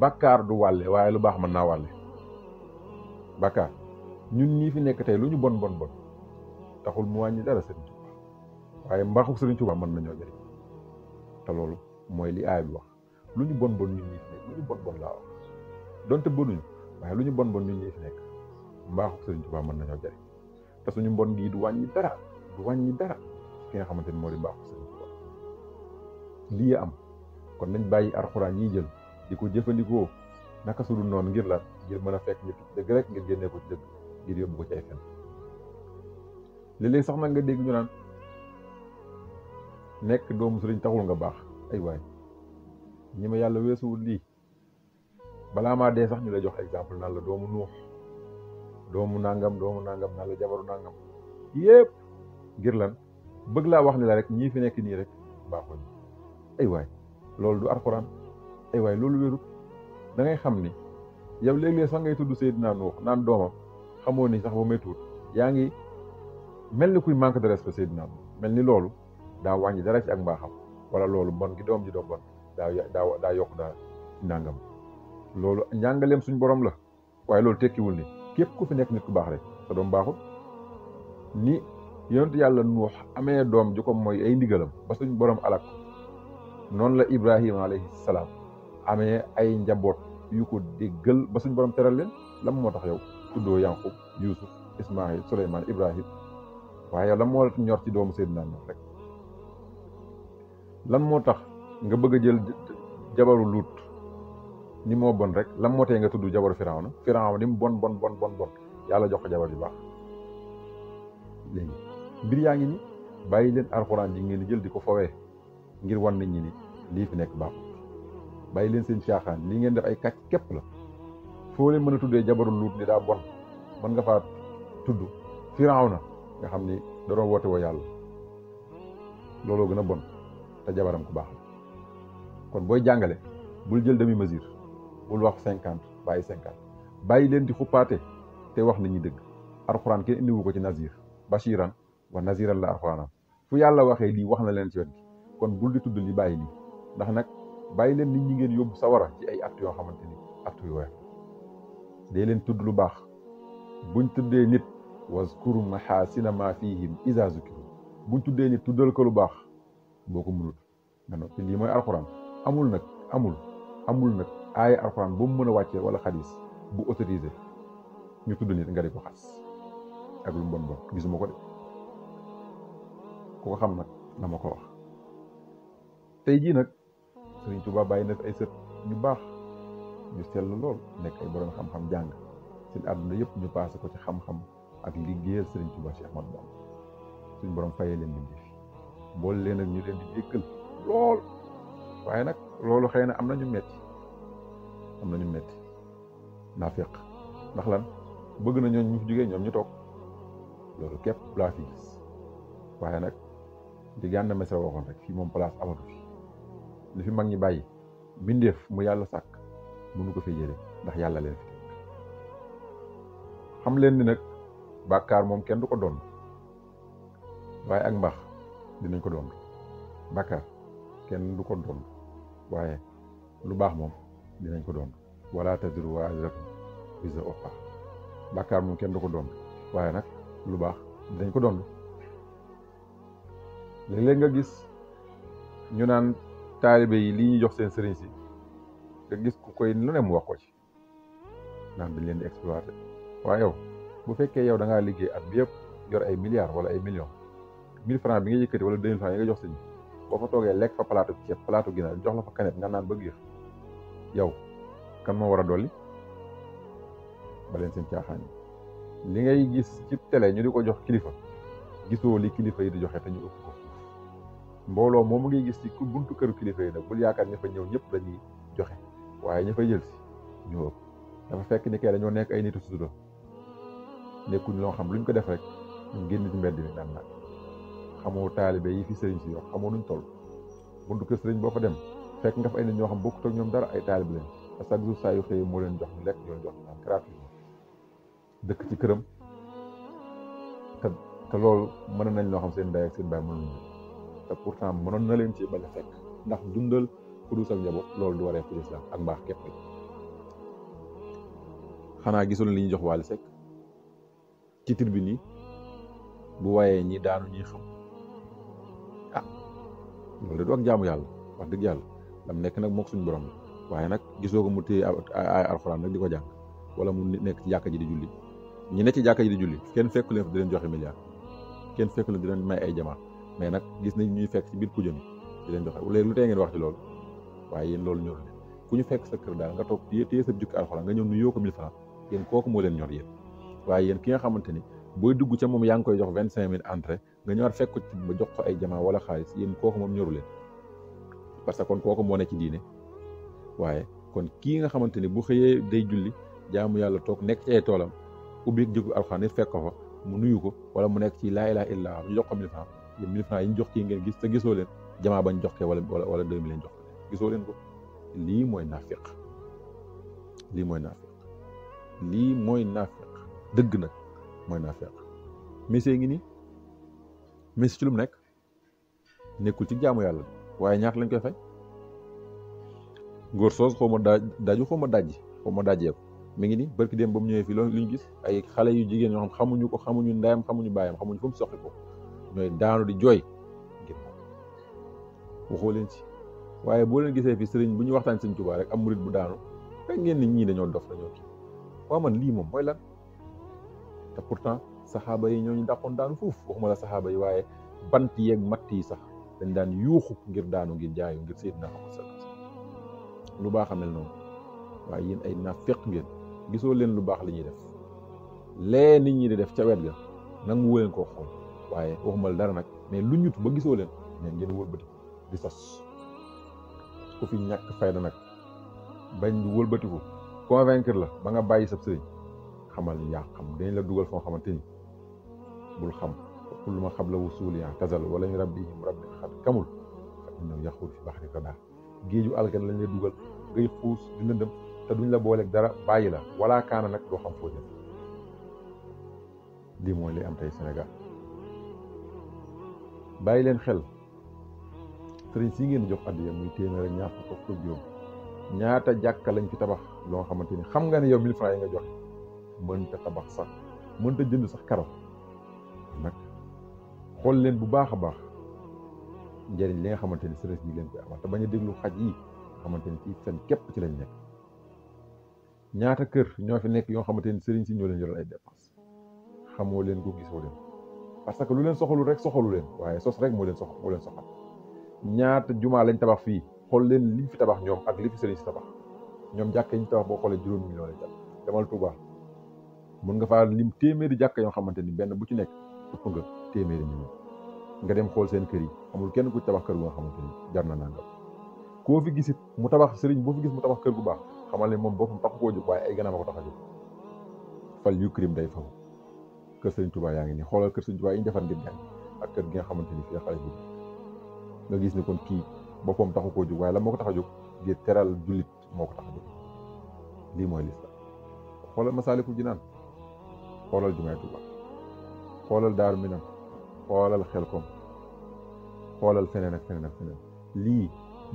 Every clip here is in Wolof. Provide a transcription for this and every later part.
bàkkaar du wàlle waaye lu baax mën naa wàlle bàkkaar ñun ñii fi nekk tey lu ñu bon bon bon taxul mu wàññi dara sëriñ Tuuba waaye mbaaxu sëriñ Tuuba mën nañoo jëriñ te loolu mooy li aay bi ñu bon bon ñun ñii donte bonuñu waaye lu ñu bon bon ñun ñii fi nekk mbaaxu sëriñ Tuuba mën nañoo jëriñ te suñu mbon gii du wàññi dara du wàññi dara ki nga xamante ni moo di mbaaxul sëriñ Tuuba lii am kon nañ bàyyi arxuraan yi jël di ko jëfandikoo naka su dul noonu ngir la ngir mën a fekk nit dëgg rek ngir génnee ko ci dëgg ngir yóbbu ko ci ay fen léeg sax nag nga dégg ñu naan nekk doomu sëriñ taxul nga baax ay waay ñi ma yàlla weesuwul lii balaa maa dee sax ñu la jox exemple naan la doomu nuux doomu nangam doomu nangam naan la jabaru nangam yépp ngir lan bëgg laa wax ni la rek ñii fi nekk nii rek baaxuñ ay waay loolu du alxuraan ay eh waay loolu wérut da ngay xam ni yow léeg-léeg sax ngay tudd Seydina Nuux naan doomam xamoo ni sax ba may tuut yaa ngi mel ni kuy manque de respect Seydina Nuux mel ni loolu daa wàññi dara ci ak mbaaxam wala loolu bon gi doom ji doon bon daa daa daa yokk daa nàngam loolu njàngaleem suñ borom la waaye loolu tekkiwul ni képp ku fi nekk nit ku baax rek sa doom baaxul ni yonent yàlla nuux amee doom ju mooy ay ndigalam ba suñ borom alak noonu la Ibrahima alayhi salaam ame ay njabot yu ko déggal ba suñu borom teral leen lam mo tax yow tuddo Yusuf Ismaïl Souleymane Ibrahim lam mo moo ñor ci doomu Seydina Nuux rek lam mo tax nga bëgg jël jabaru lut ni mo bon rek lam mo tay nga tuddu jabaru Firawna Firawna ni bon bon bon bon bon yalla jox ko jabar ju baax léegi mbir ni bayi leen alquran di ngeen di jël diko fowé ngir won nit ñi ni li fi nek baax bàyyi leen seen caaxaan lii ngeen def ay kàcc képp la foo leen mën a tuddee jabaru luut ni daa bon mën nga faa tudd firaaw na nga xam ni da doon woote woo yàlla looloo gën a bon te jabaram ku baax kon booy jàngale bul jël demi mesure bul wax cinquante bàyyi cinquante bàyyi leen di xuppaate te wax nit ñi dëgg alxuraan kenn indiwu ko ci nazir bashiran wa naziran la alxuraanam fu yàlla waxee lii wax na leen ci wet gi kon bul di tudd li bàyyi lii bàyyi leen nit ñi ngeen yóbbu sawara ci ay actes yoo xamante ni actes yu woyof dee leen tudd lu baax buñ tuddee nit waskuru mahasina ma fihim iza zukiru buñ tuddee nit tuddal ko lu baax boo ko mënut nga noppi lii mooy alxuraan amul nag amul amul nag aaya alxuraan ba mu mën a wàccee wala xadis bu autorisé ñu tudd nit nga di ko xas ak lu mbon bon gisuma ko de ku ko xam nag na ma ko wax tey jii nag serigne touba bàyyi na fi ay seut ñu bax ñu sell lool nek ay borom xam-xam jang seen aduna yëpp ñu paase ko ci xam-xam ak liggéey serigne touba Cheikh Ahmadou bam suñ borom fayé leen di def boole leen ak ñu leen di dékkal lool waye nak loolu xeyna na am nañu metti am nañu metti nafiq ndax lan bëgg na ñoo ñu fi jógee ñoom ñu tok loolu képp la fi gis waye nak di gànn mesra waxon rek fi mom place amatu fi li fi mag ñi bàyyi mbindeef mu yàlla sàkk mënu ko fi jële ndax yàlla leen fi xam leen ni nag bàkkaar moom kenn du ko doon waaye ak mbaax dinañ ko doon bàkkaar kenn du ko doon waaye lu baax moom dinañ ko doon wala taziru waaziratun wizra uxraa kenn du ko doon waaye nag lu baax dinañ ko doon léeg-léeg nga gis ñu naan taalibe yi li ñu jox seen sëriñ si nga gis ku koy lu mu wax ko ci naan dañ leen di exploité waaye yow bu fekkee yow da ngaa liggéey at bi yëpp yor ay milliards wala ay million mille francs bi nga yëkkati wala deux mille francs nga jox sëñ boo fa toogee lekk fa palaatu ceeb palaatu ginaar jox la fa kanet nga naan ba giir yow kan moo war a dolli ba leen seen caaxaan yi li ngay gis ci télé ñu di ko jox kilifa gisoo li kilifa yi di joxe te ñu ëpp mbooloo moom ngay gis ci buntu kër kilifa yi nag bul yaakaar ña fa ñëw ñëpp dañuy joxe waaye ña fa jël si ñoo ëpp dafa fekk ni kay dañoo nekk ay nitu sutura nekkuñ loo xam luñ ko def rek ñu génn ci mbedd mi a nag xamoo taalibe yi fi sëriñ si yor xamoo nuñ toll buntu kër sëriñ boo fa dem fekk nga fa ay nit ñoo xam bokkut ak ñoom dara ay taalibe lañ te chaque jour saa yu moo leen jox ñu lekk ñoo jox naan dëkk ci këram te te loolu mën nañ loo xam seen ndey ak seen baay te pourtant mënoon na leen ci bañ a fekk ndax dundal ku dul sa njaboot loolu du waree ci lislaam ak mbaax képp xanaa gisul li ñu jox Wally Seck ci tribune yi bu wayee ñi daanu ñuy xam ah loolu du wax dëgg yàlla dam nekk nag mook suñu borom la waaye nag gisoo ko mu téye ay alxuraan nag di ko jàng wala mu nekk ci jàkka ji di julli ñi ne ci jàkka ji di julli kenn fekku leen di leen joxe milliard kenn fekku leen di leen may ay jamaa mais nag gis nañ ñuy fekk ci biir kujje mi di leen joxe léegi lu tee ngeen wax ci loolu waaye yen loolu ñor leen ku ñu fekk sa kër daal nga toog téye sa jukki alxuraan nga ñëw nuyoo ko mille francs yéen kooku moo leen ñor yéen waaye yéen ki nga xamante ni booy dugg ca moom yaa ngi koy jox vingt cinq mille entrée nga ñëwaat fekk ko ci ba ay jamaa wala xaalis yéen kooku moom ñoru leen parce que kon kooku moo ne ci diine waaye kon kii nga xamante ni bu xëyee day julli jaamu yàlla toog nekk ci ay toolam ubbi jukki alxuraan fekk ko fa mu nuyu ko wala mu nekk ci laa ilaaha illallaah ñu jox ko mille francs yi ñu jox kii ngeen gis te gisoo leen jamaa bañ jox kee wala wala deux mille jox gisoo leen ko lii mooy nafiq lii mooy nafiq lii mooy nafiq dëgg nag mooy naafiq Messi ngi nii Messi ci lu mu nekk nekkul ci jaamu yàlla waaye ñaata lañ koy fay góor soos xaw ma daaj daaju xaw ma dajji xaw ma dajjee ko mi ngi nii barki dem ba mu ñëwee fii loolu li ñu gis ay xale yu jigéen ñoo xam xamuñu ko xamuñu ndayam xamuñu bàyyam xamuñu fu mu soqi ko ñooy daanu di jooy ngir moom waxoo leen ci waaye boo leen gisee fi sëriñ bu ñu waxtaan sëriñ Tuubaa rek am murit bu daanu fekk ngeen ni ñii dañoo dof lañoo kii man lii moom mooy lan te pourtant saxaaba yi ñoo ñu dàqoon daanu foofu waxuma la saxaaba yi waaye bant yeeg matt yi sax dañ daan yuuxu ngir daanu ngir jaayu ngir Seydina Muhammad sallallahu alayhi lu baax a mel noonu waaye yéen ay naafeq ngeen gisoo leen lu baax lañuy def lee nit ñi di def ca wet ga nangu leen koo xool waaye waxumal dara nag mais lu ñut ba gisoo leen mais ngeen wëlbati di sos ku fi ñàkk fayda nag bañ wëlbatiku convaincre la ba nga bàyyi sab sëriñ xamal yaa xam dañ la dugal foo xamante ni bul xam kul ma xam la wusuul yaa kasal wala ñu rabbihim rabbi xat kamul fa innahu yaxuur fi baxri kada géeju alkan lañ la dugal ngay xuus di lëndëm te duñ la booleeg dara bàyyi la wala kaana nag doo xam foo jëm lii mooy li am tey Sénégal bayi len xel serigne si ngeen jox addu addiya muy témer ak ñaar fukk ko joom ñaata jakka lañ ci tabax lo xamanteni xam nga ne yow 1000 francs nga jox mën ta tabax sax mën ta jënd sax karaw nak xol leen bu baaxa baax njëriñ li nga xamanteni serigne sëriñ ñi leen koy amal ta baña deglu xaj yi xamanteni ci seen kep ci lañ nek ñaata kër ñoo fi nekk yoo xamante ni sëriñ si ñoo leen yoral ay dépenses xamoo leen ko gisoo leen parce que lu len soxalu rek soxalu len waye sos rek mo len sox mo len soxal ñaata juma lañ tabax fi xol len li fi tabax ñom ak li fi serigne tabax ñom jakk yi ñu tabax bo xolé juroom million lañ jakk demal Touba mën nga fa lim téméré jakk yo xamanteni ni benn bu ci nek ëpp nga téméré ñu nga dem xol seen kër yi amul kenn ku tabax kër gu xamanteni jar na nangam ko fi gisit mu tabax serigne boo fi gis mu tabax kër gu baax xamal ni mom tax ko waye ay ko taxaju fal yu krim day faaw kër Serigne Touba yaa ngi nii xoolal kër Serigne Touba yi ñu defar ngir ak kër gi nga xamante ni fii la xale bi nga gis ni kon kii boppam taxu koo jóg waaye la moo ko tax a jóg ngir teral julit moo ko tax a jóg lii mooy lislaam xoolal Masaalikul Jinaan xoolal jumaay Touba xoolal Daaru Minam xoolal Xelkom xoolal feneen ak feneen ak feneen lii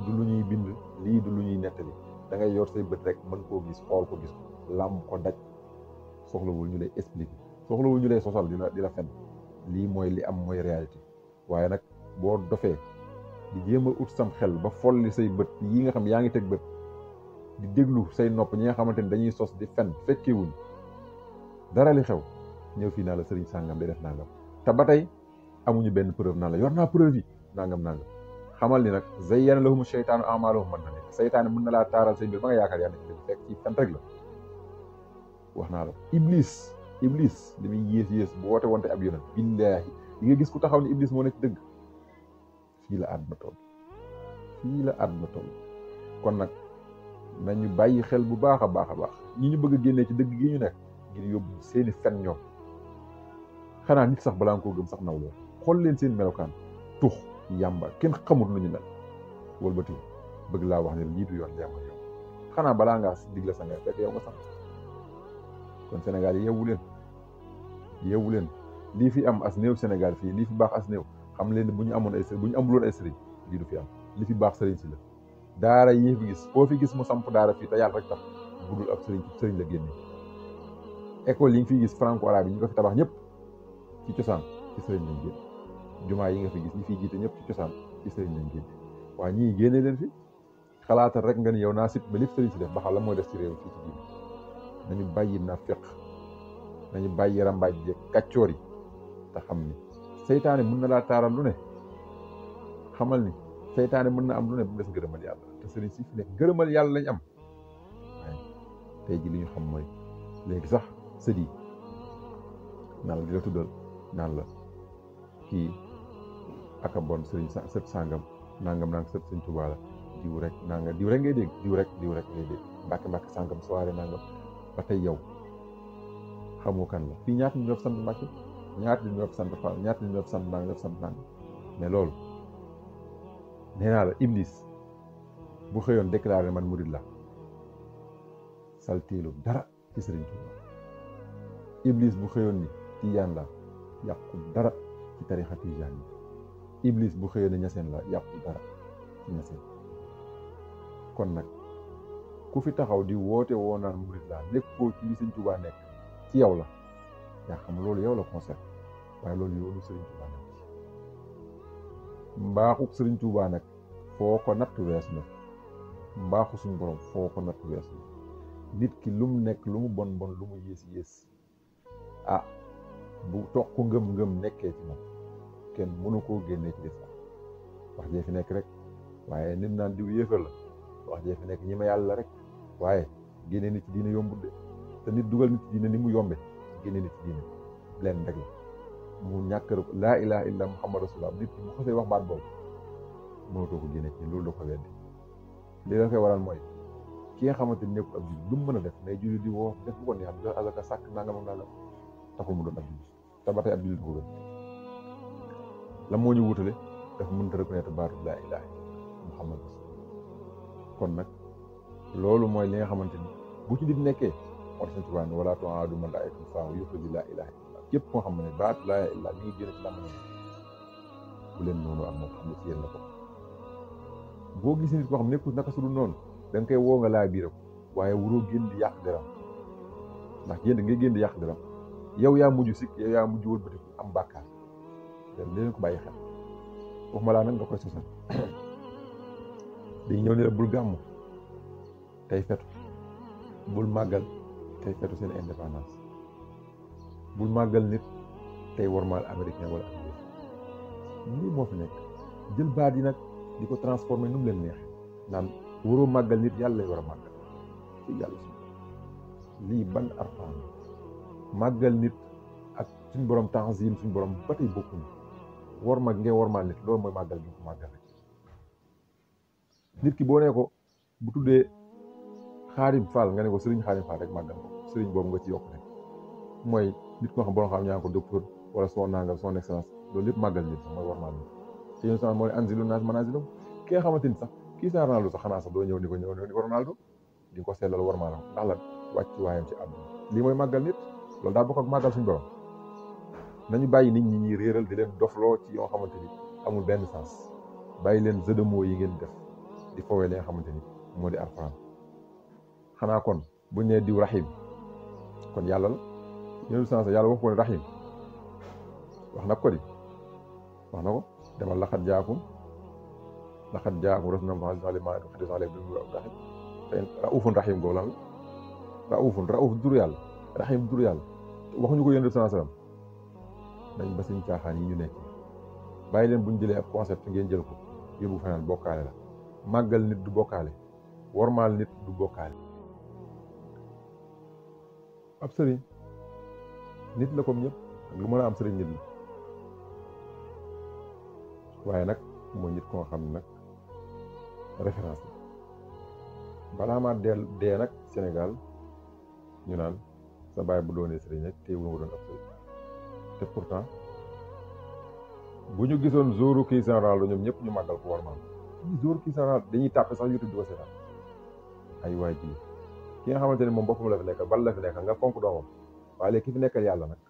du lu ñuy bind lii du lu ñuy nettali da ngay yor say bët rek mën koo gis xool ko gis ko ko daj soxlawul ñu lay expliquer soxla wu ñu lay sosal di la di la fen lii mooy li am mooy réalité waaye nag boo dofee di jéem a ut sam xel ba folli say bët yi nga xam yaa ngi teg bët di déglu say nopp ñi nga xamante ni dañuy sos di fen fekkewuñ dara li xew ñëw fii naa la sëriñ sàngam di def nangam te ba tey amuñu benn preuve naa la yor naa preuve yi nangam nangam xamal ni nag zayyana lahum la amaalahum mën na nekk seytaane mën na laa taaral say mbir ba nga yaakaar yaa nekk fekk ci fen rek la wax naa la iblis iblis li muy yées yées bu woote wante ab yonent billaahi li nga gis ku taxaw ne iblis moo nekk dëgg fii la àdduna toll fii la àdduna toll kon nag ñu bàyyi xel bu baax a baax a baax ñi ñu bëgg génnee ci dëgg gi ñu nekk ngir yóbbu seeni fen ñoom xanaa nit sax balaa nga koo gëm sax nawloo xool leen seen melokaan tux yàmba kenn xamul lu ñu mel wëlbati bëgg laa wax ne lii du yoon yàmba yow xanaa balaa ngaa digla sa nga fekk nga sax kon Sénégal yi yeewu leen yeewu leen lii fi am as néew senegal fii lii fi baax as néew xam leen bu ñu amoon ay sëriñ bu ñu amuloon ay sëriñ lii du fi am li fi baax sëriñ si la daara yi fi gis foo fi gis mu samp daara fii te yàlla rek tax budul ab sëriñ sëriñ la génne fi gis franco arabe yi ñu ko fi tabax ñëpp ci cosaan ci sëriñ lañ génn jumaa yi nga fi gis ñu fiy jiite ñëpp ci cosaan ci sëriñ lañ génn waa ñii génnee leen fi xalaatal rek nga ni yow naa sib ba lépp sëriñ si def ba xam la mooy def ci réew fii ci diine nañu bàyyi na feq nañu bàyyi rambaaj yeeg kàccoor yi te xam ni seytaane mën na laa taaral lu ne xamal ni seytaane mën na am lu ne bu des gërëmal yàlla te sëriñ si fi ne gërëmal yàlla lañ am tey ji li ñu xam mooy léegi sax sët yi naan la di la tuddal naan bon sëriñ sa sët sàngam nangam nang sët sëriñ Tuubaa la diw rek nanga diw rek ngay dégg diw rek diw rek ngay dégg mbàkke mbàkke sàngam soirée nangam ba tey yow xamoo kan la fii ñaata nit ñoo fi sant Mbàkke ñaata nit ñoo fi sant Fall ñaata nit ñoo fi sant Nang ñoo fi mais loolu nee naa la Iblis bu xëyoon déclaré man murid la salteelu dara ci Sëriñ Tuubaa Iblis bu xëyoon ni Tijaan la yàqu dara ci tarixa Tijaan yi Iblis bu xëyoon ni ñaseen la yàqu dara ci ñaseen kon nag ku fi taxaw di woote woo naan murid la nekkoo ci li Sëriñ Tuubaa nekk ci yow e la yaa xam loolu e yow la concerne waaye loolu e yoonu Serigne Touba nag mbaaxu Serigne foo ko natt wees na mbaaxu suñu borom foo ko natt wees na nit ki lu mu nekk lu mu bon bon lu mu yées yées ah bu toq ngëm-ngëm nekkee ci moom kenn mënu koo génne ci def ko wax jee fi nekk rek waaye nit naan diw yéefar la wax jee fi nekk ñi ma yàlla rek waaye génnee nit ci diine yombul de te nit dugal nit diine ni mu yombe génne nit diine leen rek mu ñàkk laa ilaha illa muhammad rasulullah nit mu xasee wax baat boobu mënatoo ko génne ci loolu da ko weddi li la koy mooy ki nga xamante ni nekkul ab jullit mën a def mais di woo def bu ko neex da azaka sàkk nangam ak nangam taxul mu doon ab jullit te ba tey ab la moo ñu wutale daf mënta reconnaître baatu laa ilaha muhammad rasulullah kon nag loolu mooy li nga xamante ni bu ci nit nekkee moo tax suñu tubaab ne wala tuaadu malaaikatun saamu yuxriju laa képp koo xam ne baat laa ilaaha illa mi ngi génn ko gisee koo xam nekkul naka su dul noonu da koy woo nga laa biiram waaye waroo génn di yàq deram ndax yéen da génn di yàq deram yow yaa mujj sikk yow yaa mujj wëlbatiku am bàkkaar léegi leen ko bàyyi xel waxuma laa nag nga koy sosal dañ ñëw ne la bul gàmm tey fetu bul màggal tey feetu seen indépendance bul màggal nit tey warmaal américain wala anglais lii moo fi nekk jël baat yi nag di ko transformer nu mu leen neexee naan waroo màggal nit yàlla lay war a màggal ci lii ban arfaan màggal nit ak suñ borom tanzim suñ borom ba tey bokkuñu war mag ngay warmaal nit loolu mooy màggal gi ko màggal rek nit ki boo nee ko bu tuddee xaarim faal nga ne ko sëriñ xaarim faal rek màggal ko sëriñ boobu nga ci yokk rek mooy nit ko xam borom xam ñaan ko docteur wala yëpp màggal nit mooy war maal si ñun sax moo ne anzilu naas manazilum ki nga xamante ni sax kii sa Ronaldo sax xanaa sax doo ñëw ni ko ñëw ni ko Ronaldo di ko ndax lan wàcc waayam ci àdduna lii mooy màggal nit loolu daa bokk ak màggal suñu borom nañu bàyyi nit ñi ñuy réeral di leen dofloo ci yoo xamante ni amul benn leen jeu de yi ngeen def di fowee li nga xamante ni moo di Alxuraan xanaa kon buñ nee diw rahim kon yàlla la yéen a yàlla wax ko ne rahim wax na ko di wax na ko demal laqad jaakum laqad jaakum rasulun min anfusihim aliman harisun alaykum bil mu'minina rahim te raufun rahim googu lan la raufun rauf dur yàlla rahim dur yàlla waxuñu ko yéen a sallam nañ ba seen caaxaan yi ñu nekk bàyyi leen bu ñu jëlee ab concept ngeen jël ko yóbbu feneen bokkaale la màggal nit du bokkaale wormaal nit du bokkaale ab sëriñ nit la comme ñëpp ak lu mën a am sëriñ nit la waaye nag mooy nit koo xam ne nag référence la balaa maa deel dee nag Sénégal ñu naan sa baay bu doonee sëriñ rek téewul nga doon ab sëriñ te pourtant bu ñu gisoon zoro kii général la ñoom ñëpp ñu màggal ko war maam zoro kii général dañuy tàppe sax YouTube di ko seetaan ay waay ji ki nga xamante ne moom boppam la fi nekkal bal la fi nekkal nga fonk doomam waaye léegi ki fi nekkal yàlla nag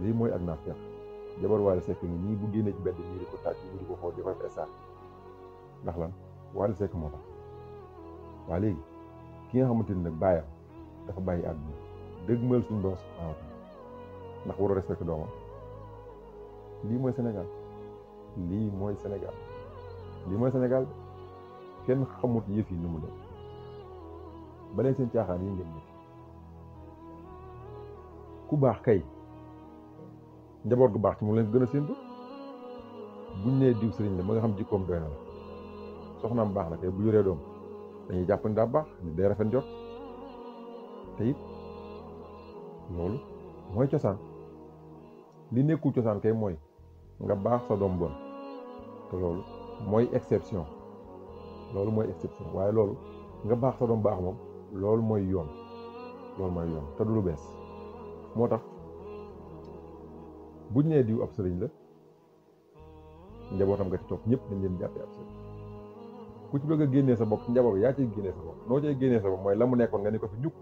lii mooy ak naafeq jabar Wally Seck ngi ñii bu génnee ci bedd ñii di ko tàcc ñii di ko xool di ko def ndax lan Wally Seck moo tax waa léegi ki nga xamante ni nag bàyyam dafa bàyyi àdduna dëgmal suñu borom subhanahu wa taala ndax war a respecté doomam lii mooy Sénégal lii mooy Sénégal lii mooy Sénégal kenn xamut yëf yi mu dem ba leen seen caaxaan yi ngeen nekk ku baax kay njaboot gu baax ci mu leen gën a séntu buñ nee diw sëriñ la ba nga xam jikkoom doy na la soxnaam baax na kay bu yoree doom dañuy jàpp ni daa baax ni day rafet jot te it loolu mooy cosaan li nekku cosaan kay mooy nga baax sa doom bon te loolu mooy exception loolu mooy exception waaye loolu nga baax sa doom baax moom loolu mooy yoon loolu mooy yoon te du lu bees moo tax bu nee diw ab sëriñ la njabootam nga ci toog ñëpp dañ leen jàppee ab sëriñ ku ci bëgg a génnee sa bopp njaboot yaa ciy génnee sa cay génnee sa bopp mooy la nekkoon nga ni ko fi ñukk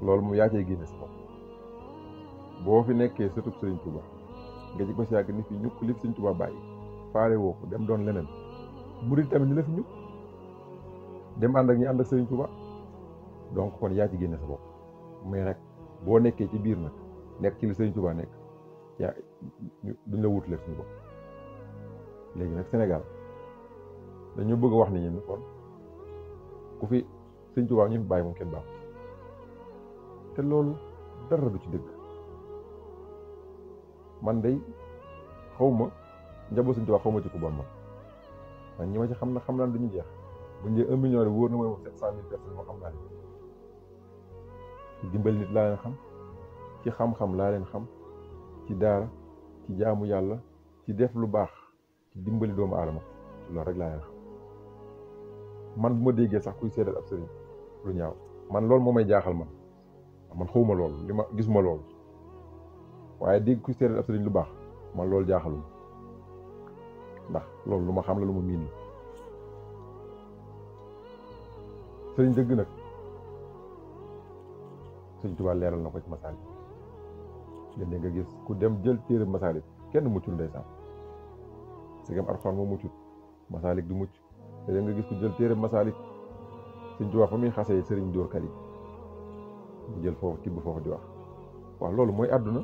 dem mu yaa cay génne boo fi nekkee sëtub sëriñ Tuuba nga ci ko si yàgg ni fi ñukk li fi sëriñ Tuuba bàyyi faale woo ko dem doon leneen murid tamit ni la fi ñu dem ànd ak ñu ànd ak Serigne donc kon yaa ci génne sa bopp mais nag boo nekkee ci biir nag nekk ci li Serigne Touba nekk yaa duñ la wutale suñu bopp léegi nag Sénégal dañoo bëgg a wax ni ñun kon ku fi Serigne Touba ñu fi bàyyi moom kenn baax te loolu dara du ci dëgg man day xawma ma njaboot Serigne Touba xaw ma ci ku bon man ñi ma ci xam na xam naa duñu jeex bu ñu dee un million rek wóor na ma woon sept cent mille personnes moo xam naa leen dimbal nit laa leen xam ci xam-xam laa leen xam ci daara ci jaamu yàlla ci def lu baax ci dimbali doomu aadama loolu rek laa leen xam man bu ma déggee sax kuy seedal ab lu ñaaw man loolu moo may jaaxal man man xawma loolu li ma gisuma loolu waaye dégg kuy seedal ab lu baax man loolu jaaxaluma ndax loolu lu ma xam la lu ma miin la sëriñ dëgg nag sëriñ Tuubaa leeral na ko ci masaali léeg-léeg nga gis ku dem jël téere masaali kenn muccul ndeysaan sigam Alxuraan moo muccul masaalik du mucc léeg nga gis jël téere masaalik sëriñ Tuubaa fa muy xasee sëriñ dóorkat yi mu jël foofu tibb foofu di wax loolu mooy àdduna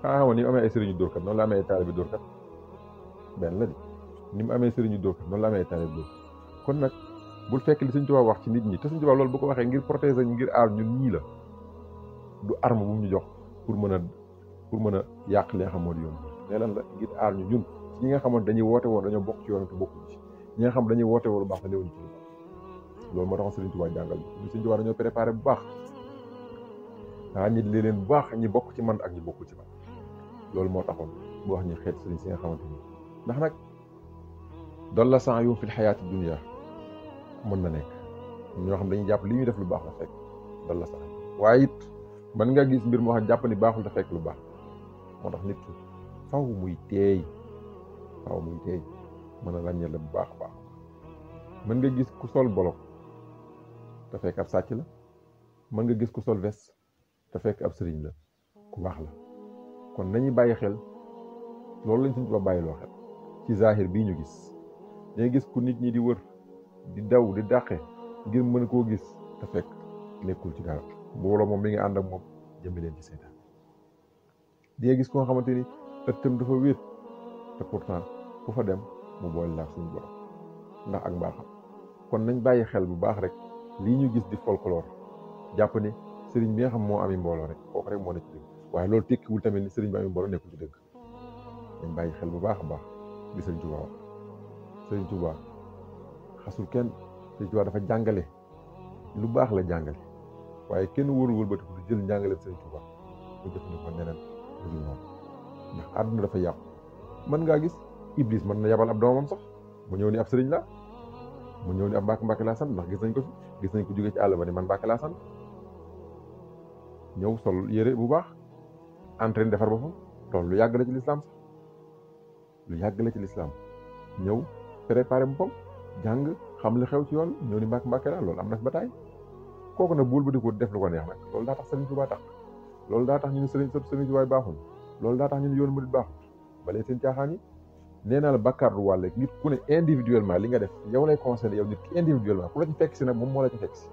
xanaa ah, xamoon ni mu amee ay sëriñu dóorkat noonu la amee ay taalibi dóorkat benn la di ni mu amee sëriñu dóor noonu la amee taalibe dóor kon nag bul fekk li Sëriñ Tuubaa wax ci nit ñi te Sëriñ Tuubaa loolu bu ko waxee ngir protéger ñu ngir aar ñun ñii la du arme bu mu ñu jox pour mën a pour mën a yàq li xam moo di yoon nee lan la ngir aar ñu ñun ñi nga xamoon dañuy woote woon dañoo bokk ci yoon te bokkuñ ci ñi xam dañuy woote woon lu baax te newuñ ci loolu moo tax Sëriñ Tuubaa jàngal ñu Sëriñ Tuubaa dañoo préparé bu baax ah ñi li leen bu baax ñi bokk ci man ak ñi bokk ci man loolu moo taxoon mu wax ñi xeet sëriñ si nga xamante ni ndax nag dalla sa'yuhum fil hayaati dunya mën na nekk ñoo xam dañuy jàpp li ñuy def lu baax la fekk dalla sa'yuhum waaye it mën nga gis mbir moo xam jàpp baaxul te fekk lu baax moo tax nit ki faw muy teey faw muy teey mën a ràññee la bu baax baax mën nga gis ku sol bolok te fekk ab sàcc la mën nga gis ku sol veste te fekk ab sëriñ la ku baax la kon nañu bàyyi xel loolu lañ suñ ba bàyyi loo xel ci zahir bii ñu gis dañuy gis ku nit ñi di wër di daw di dàqe ngir mën koo gis te fekk nekkul ci dara mbooloo moom mi ngi ànd ak moom jëmmi leen ci seytaan di xamante ni ëttam dafa wéet te pourtant ku fa dem mu boole suñu borom ndax ak mbaaxam kon nañ bàyyi xel bu baax rek lii ñu gis di folklore jàpp ni sëriñ bi nga xam moo ami mbooloo rek kooku rek moo ne waaye loolu tekkiwul tamit ni sëriñ bi ami mbooloo nekkul ci dëkk nañ bàyyi xel bu baax a baax di sëriñ Tuubaa Serigne Touba xasul kenn Serigne Touba dafa jàngale eh. lu baax la jàngale waaye kenn wóoruwul ba di jël njàngale Serigne Touba mu jëfandikoo neneen nah, lu noonu ndax àdduna dafa yàqu man ngaa gis Iblis mën na yabal ab doomam sax mu ñëw ni ab sëriñ la mu ñëw ni ab mbàkk mbàkk laa sant ndax gis nañ ko fi gis nañ ko jóge ci àll ba ni man mbàkk laa sant ñëw sol yére bu baax entraîne defar boppam loolu lu yàgg la ci lislaam lu yàgg la ci lislaam ñëw préparé boppam jàng xam li xew ci yoon ñëw ni mbàkk mbàkke la loolu am na fi ba taay kooku na buul ba di ko def lu ko neex nag loolu daa tax Sëriñ baa tax loolu daa tax ñu ne Sëriñ Sëriñ Tuubaa baaxul loolu daa tax ñu ne yoon murid baaxul balee seen caaxaan yi nee naa la bàkkaar du wàll nit ku ne individuellement li nga def yow lay concerné yow nit ki individuellement ku la ci fekk si nag moom moo la ci fekk si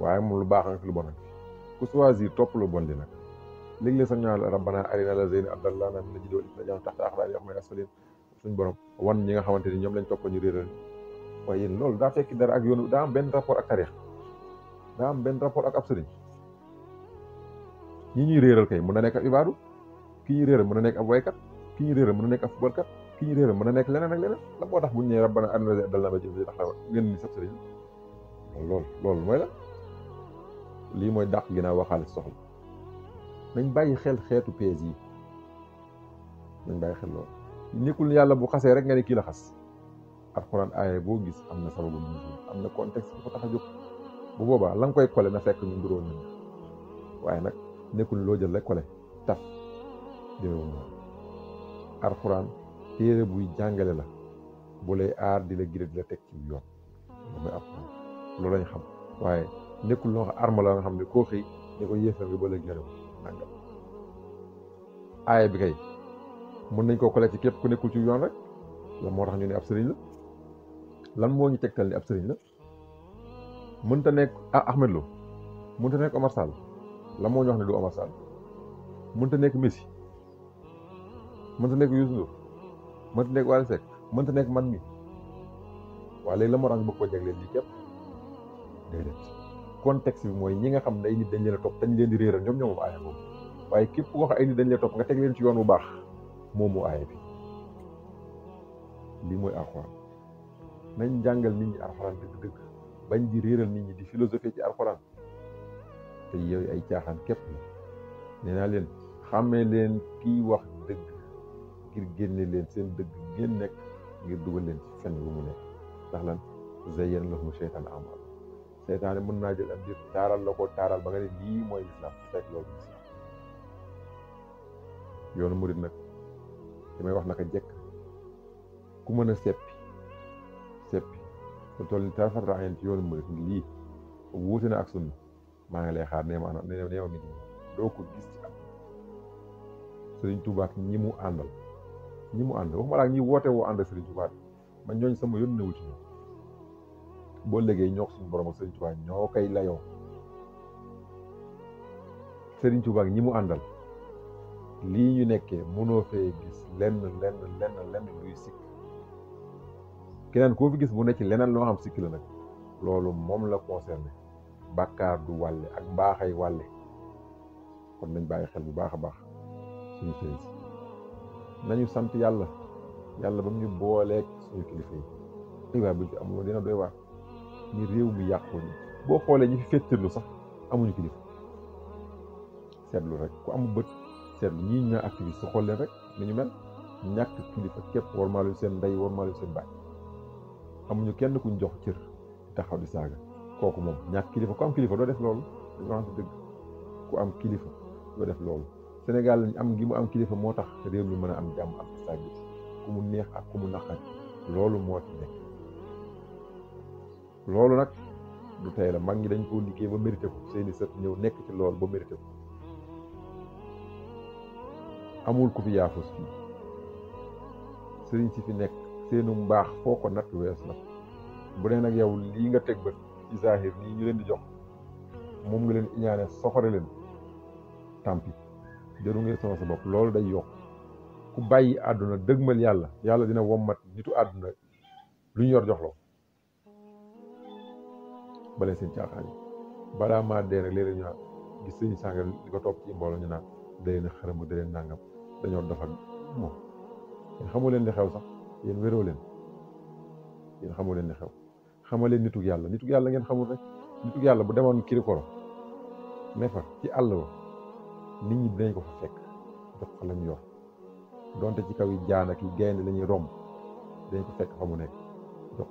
waaye moom lu baax ak lu bon ak ku choisir topp lu bon li nag léegi-léeg sax ñu naan rabbana arina suñ borom wan ñi nga xamante ni ñoom lañ topp ñu réeral waaye yéen loolu daa tekki dara ak yoonu daa am benn rapport ak tarix daa am benn rapport ak ab sëriñ ñi ñuy réeral kay mën na nekk ab ibaadu ki ñuy réeral mën na nekk ab waykat ki ñuy réeral mën na nekk ab footballkat ki ñuy réeral mën na nekk leneen ak leneen la moo tax bu ñu nee rabbana arina adallana ba jëf tax ngeen ni sab sëriñ loolu loolu mooy la lii mooy dàq ginnaaw waxaale soxla nañ bàyyi xel xeetu pees yi nañ bàyyi xel loolu nekkul yàlla bu xasee rek nga ne kii la xas alxuraan aaya boo gis am na sababu mu am na contexte bu ko tax a bu boobaa la nga koy kole na fekk ñu nduróo nañ waaye nag nekkul loo jël rek kole taf déewu noonu buy jàngale la bu lay di la gire di ci yoon da xam waaye nekkul loo arme la nga xam ne koo xëy ne ko yéefar nga ba la gërëm nangam aaya bi kay mën nañ koo coller ci képp ku nekkul ci yoon rek lan moo tax ñu ne ab sëriñ la lan moo ñu tegtal ni ab sëriñ la mënta nekk ah Ahmed Lo mënta nekk Omar Sall moo ñu wax ne du Omar Sall mënta nekk Messi mënta nekk Youssou Ndour mënta nekk Wally Seck mënta nekk man mi waaye léegi la moo tax ñu bëgg ko jagleel lii képp déedéet contexte bi mooy ñi nga xam ne ay nit dañ leen topp dañ leen di réeral ñoom ñoo moom aaya boobu waaye képp ku wax ay nit dañ leen topp nga teg leen ci yoon bu baax moom moo bi lii mooy alxuraan nañ jàngal nit ñi alxuraan dëgg-dëgg bañ di réeral nit ñi di philosophie ci alxuraan te yooyu ay caaxaan képp nee naa leen xàmmee leen kiy wax dëgg ngir génne leen seen dëgg ngeen nekk ngir dugal leen ci seen bu mu nekk ndax lan zayyana lahum seytaan amal seytaane mën naa jël am mbir taaral la ko taaral ba nga ne lii mooy lislaam fekk loolu lislaam yoonu murit nag damay wax naka jekk ku mën a seppi seppi lu tool ni tarafat raayen ci yoonu murit lii wuute na ak sunna maa ngi lay xaar nee ma ana nee ma mi doo ko gis ci am Sëriñ Tuubaa ñi mu àndal ñi mu ànd waxuma laa ñi woote woo ànd Sëriñ Tuubaa ma ñooñ sama yoon newu ci ñoom boo léegi ñoo suñu borom ak Sëriñ Tuubaa ñoo koy layoo Sëriñ Tuubaa ñi mu àndal lii ñu nekkee mënoo fee gis lenn lenn lenn lenn luy sikk keneen koo fi gis mu nekk ci leneen loo xam sikk la nag loolu moom la concerné bàkkaar du wàll ak mbaaxay wàlle kon nañ bàyyi xel bu baax a baax suñu nañu sant yàlla yàlla ba mu ñu booleeg suñu kilifa yi waaye buñ fi amuloo dina doy waar ñu réew mi yàqoo boo xoolee ñi fi féttirlu sax amuñu kilifa seetlu rek ku am bët seen ñii ñooy activiste su xool rek ni ñu mel ñàkk kilifa képp warmaalu seen ndey warmaalu seen baay amuñu kenn kuñ jox cër taxaw di saaga kooku moom ñàkk kilifa ku am kilifa doo def loolu dañu wax ku am kilifa doo def loolu Sénégal lañ am gi mu am kilifa moo tax réew mi mën a am jàmm ak stabilité ku mu neex ak ku mu naqari loolu moo ci nekk loolu nag du tey la mag ñi dañ koo liggéey ba mérité ko seeni sët ñëw nekk ci loolu ba mérité amul ku fi yaafus fii sëriñ si fi nekk seenu mbaax foo ko natt wees na bu dee nag yow lii nga teg bët ci zaahir nii ñu leen di jox moom nga leen iñaane soxore leen tampi jëru ngay sama sa bopp loolu day yokk ku bàyyi àdduna dëgmal yàlla yàlla dina wommat nitu àdduna lu ñu yor jox la bale seen caaxaan yi balaa maa dee nag léeg-léeg ñu naan gis sëñ sàngal di ko toog ci mbooloo ñu naan da leen a da leen nangam dañoo dof moom xamoo leen di xew sax yéen wéroo leen yéen xamoo leen li xew xamoo leen nitug yàlla nitug yàlla ngeen xamul rek nitug yàlla bu demoon kirikoro ne fa ci àll ba nit ko fekk jox ko lañ yor ci kaw yi yi gaynde la ñuy romb dinañ mu nekk jox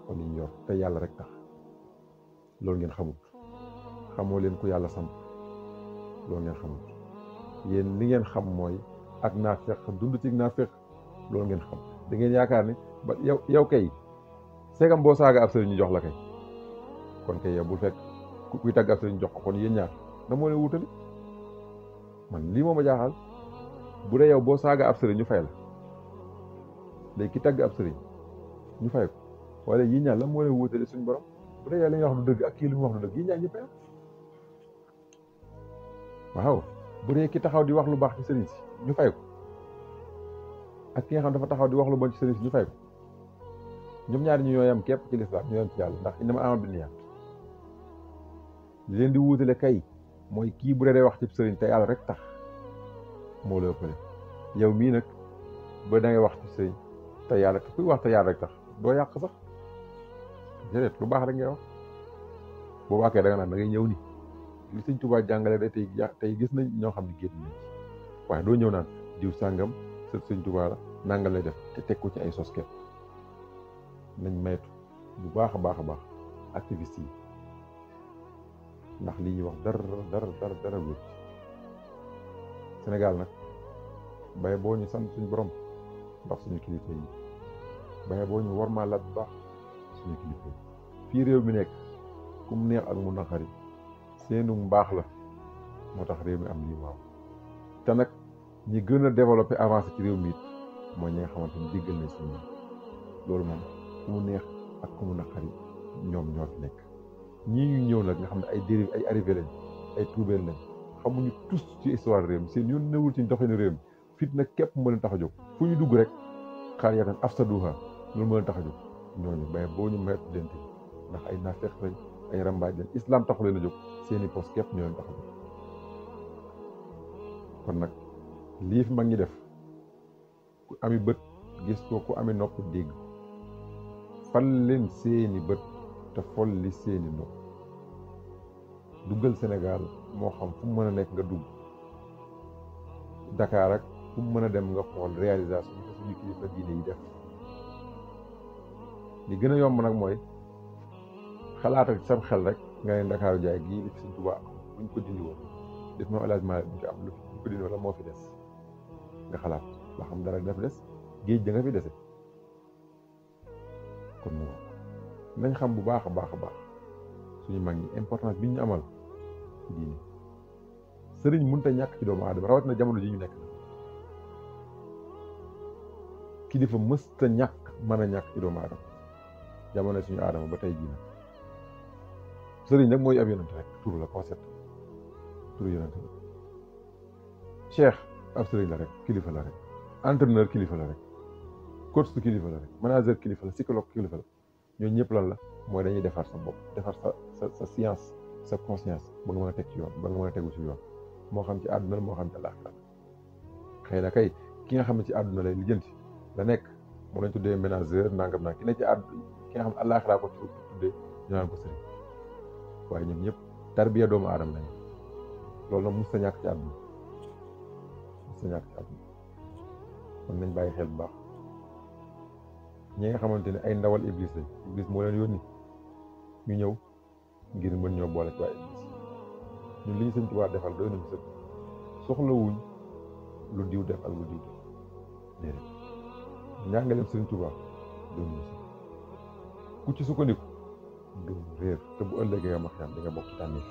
ko yàlla rek tax loolu ngeen xamul xamoo leen ku yàlla samp loolu ngeen xamul yéen li ngeen xam mooy ak naafeq dund ci naafeq loolu ngeen xam da yaakaar ni ba yow yow kay segam boo saaga ab sëriñ ñu jox la kay kon kay yow bul fekk kuy tàgg ab jox ko kon yéen ñaar na moo lii moom jaaxal bu dee yow boo saaga ab ñu fay la léegi ki tàgg ab sëriñ ñu fay ko wala yii ñaar lan moo leen wutale suñu borom bu dee yow li wax du dëgg ak kii li mu wax du dëgg yii ñaar ñëpp waaw bu dee ki taxaw di wax lu baax ci sëriñ si ñu fay ko ki nga xam dafa taxaw di wax lu bon ci sëriñ si ñu ñoom ñaari ñu ñoo yam képp ci lislaam ñoo yam ci yàlla ndax innama amal bi niyaat li leen di wuutale kay mooy kii bu dee wax ci sëriñ te yàlla rek tax moo la ëppale nag ba da ngay te yàlla kuy wax te yàlla rek tax doo yàq sax déedéet lu baax rek ngay wax boobaa kay da nga naan da ngay ñëw ni li sëñ Tuubaa jàngale da tey tey gis nañ ñoo xam ne génn nañ ci waaye doo ñëw naan diw sàngam sët sëñ Tuubaa la nangal lay def te teg ko ci ay sosket nañ maytu bu baax a baax a baax activiste yi ndax li ñuy wax dara dara dara dara wér Sénégal nag bay boo ñu sant suñu borom ndax suñu kilifa yi bay boo ñu war bu baax suñu kilifa fii réew bi nekk ku neex ak mu naqari seenu mbaax la moo tax réew mi am lii waaw te nag ñi gën a développé avancé ci réew mi it mooy ñi nga xamante ni déggal nañ si loolu moom ku mu neex ak ku mu naqari ñoom ñoo fi nekk ñii ñu ñëw nag nga xam ne ay dérive ay arrivé lañ ay trouvé lañ xamuñu tous ci histoire réew mi seen yoon newul ci doxinu réew mi fit na képp moo leen tax a jóg fu ñu dugg rek xaar yaa tan afsaduha loolu moo leen tax a jóg ñooñu bay boo ñu mayet leen ndax ay naafeq lañ ay rambaaj lañ islam taxu leen a jóg seeni post képp ñoo nga xam kon nag lii fi mag ñi def ku ami bët gis ko ku ami nopp dégg fal leen seeni bët te folli seeni nopp duggal Sénégal moo xam fu mën a nekk nga dugg Dakar ak fu mën a dem nga xool réalisation yi suñu kilifa diine yi def li gën a yomb nag mooy xalaatal ci sam xel rek nga ne Dakar jaay gii li fi tuba buñ ko dindi woon def moom alaaj Hadj Malick ci am lu buñ ko dindi woon la moo fi des nga xalaat ba xam dara dafa des géej da nga fi dese kon mu nañ xam bu baax a baax a baax suñu mag ñi importance bi ñu amal ci diine sëriñ mënut ñàkk ci doomu aadama na jamono ji ñu nekk defa mësta ñàkk mën a ñàkk ci doomu aadama jamono suñu aadama ba tey jii nag sëriñ nag mooy ab yonent rek tur la concept turu yonent la cheikh ab sëriñ la rek kilifa la rek entraîneur kilifa la rek coach du kilifa la rek manager kilifa la psychologue kilifa la ñooñu ñëpp lan la mooy dañuy defar sa bopp defar sa sa science sa conscience ba nga mën a teg ci yoon ba nga mën a tegu ci yoon moo xam ci àdduna la moo xam ci la xëy na kay ki nga xam ne ci àdduna lay lijjanti la nekk moo lañ tuddee manager nangam naa ki ne ci àdduna ki nga xam ne àllaaxira ko tuddee ñu naan ko sëriñ waaye ñoom ñëpp tarbiya doomu aadama lañu loolu nag mos na ñàkk ci àdduna mos na ñàkk ci àdduna kon nañ bàyyi xel bu baax ñi nga xamante ne ay ndawal iblis lañ iblis moo leen yónni ñu ñëw ngir mën ñoo boole ci waa iblis ñun li ñu sëñ defal doy nañu sëkk soxlawuñ lu diw def ak lu diw def déedéet ñaa nga dem sëñ Tuubaa doy ku ci sukkandiku du réer te bu ëllëgee nga ma xam di nga bokk tànni